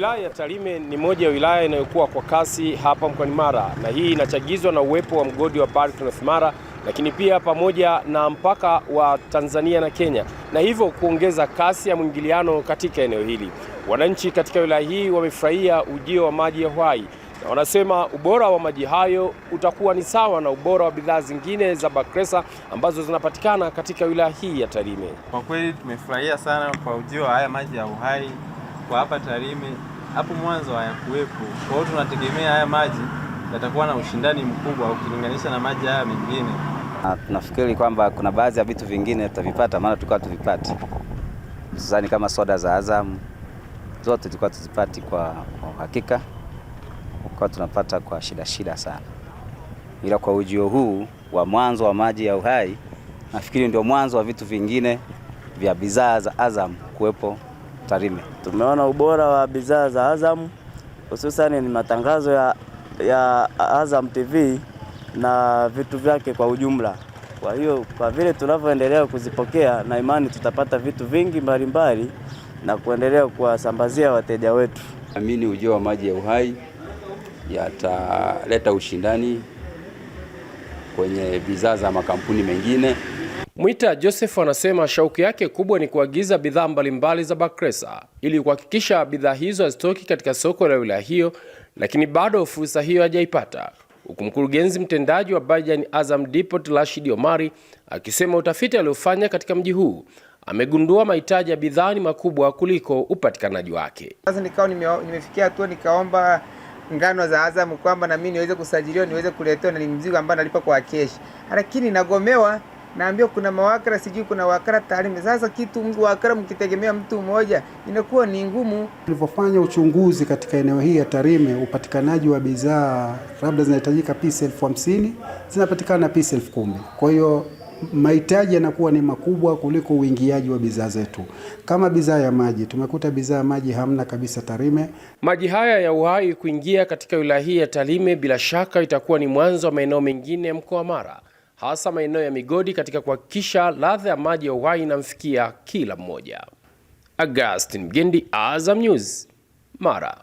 Wilaya ya Tarime ni moja ya wilaya inayokuwa kwa kasi hapa mkoani Mara, na hii inachagizwa na uwepo wa mgodi wa Barrick North Mara, lakini pia pamoja na mpaka wa Tanzania na Kenya, na hivyo kuongeza kasi ya mwingiliano katika eneo hili. Wananchi katika wilaya hii wamefurahia ujio wa maji ya Hwai na wanasema ubora wa maji hayo utakuwa ni sawa na ubora wa bidhaa zingine za Bakresa ambazo zinapatikana katika wilaya hii ya Tarime. Kwa kweli tumefurahia sana kwa ujio wa haya maji ya Uhai kwa hapa Tarime hapo mwanzo hayakuwepo. Kwa hiyo tunategemea haya maji yatakuwa na ushindani mkubwa ukilinganisha na maji haya mengine. Ah, tunafikiri kwamba kuna baadhi ya vitu vingine tutavipata, maana tulikuwa tuvipati, hususani kama soda za Azamu zote tulikuwa tuzipati kwa uhakika, kwa tunapata kwa shida shida sana, ila kwa ujio huu wa mwanzo wa maji ya uhai nafikiri ndio mwanzo wa vitu vingine vya bidhaa za Azam kuwepo. Tarime. Tumeona ubora wa bidhaa za Azam hususani ni matangazo ya, ya Azam TV na vitu vyake kwa ujumla. Kwa hiyo kwa vile tunavyoendelea kuzipokea na imani tutapata vitu vingi mbalimbali na kuendelea kuwasambazia wateja wetu. Naamini ujio wa maji ya uhai yataleta ushindani kwenye bidhaa za makampuni mengine. Mwita Joseph anasema shauku yake kubwa ni kuagiza bidhaa mbalimbali za Bakresa ili kuhakikisha bidhaa hizo hazitoki katika soko la wilaya hiyo, lakini bado fursa hiyo hajaipata, huku mkurugenzi mtendaji wa Baijan Azam Depot Rashid Omari akisema utafiti aliofanya katika mji huu amegundua mahitaji ya bidhaa ni makubwa kuliko upatikanaji wake. Sasa nikawa nimefikia hatua nikaomba ngano za Azam kwamba na mimi niweze kusajiliwa niweze kuletewa na ni mzigo ambao nalipa kwa keshi, lakini nagomewa naambiwa kuna mawakala sijui kuna wakala tarime Sasa kitu wakala mkitegemea mtu mmoja inakuwa ni ngumu. Tulivyofanya uchunguzi katika eneo hii ya Tarime, upatikanaji wa bidhaa labda zinahitajika pisi elfu hamsini zinapatikana pisi elfu kumi kwa hiyo mahitaji yanakuwa ni makubwa kuliko uingiaji wa bidhaa zetu. Kama bidhaa ya maji, tumekuta bidhaa ya maji hamna kabisa Tarime. Maji haya ya uhai kuingia katika wilaya hii ya Tarime, bila shaka itakuwa ni mwanzo wa maeneo mengine ya mkoa wa Mara hasa maeneo ya migodi katika kuhakikisha ladha ya maji ya uhai inamfikia kila mmoja. Augustine Mgendi, Azam News, Mara.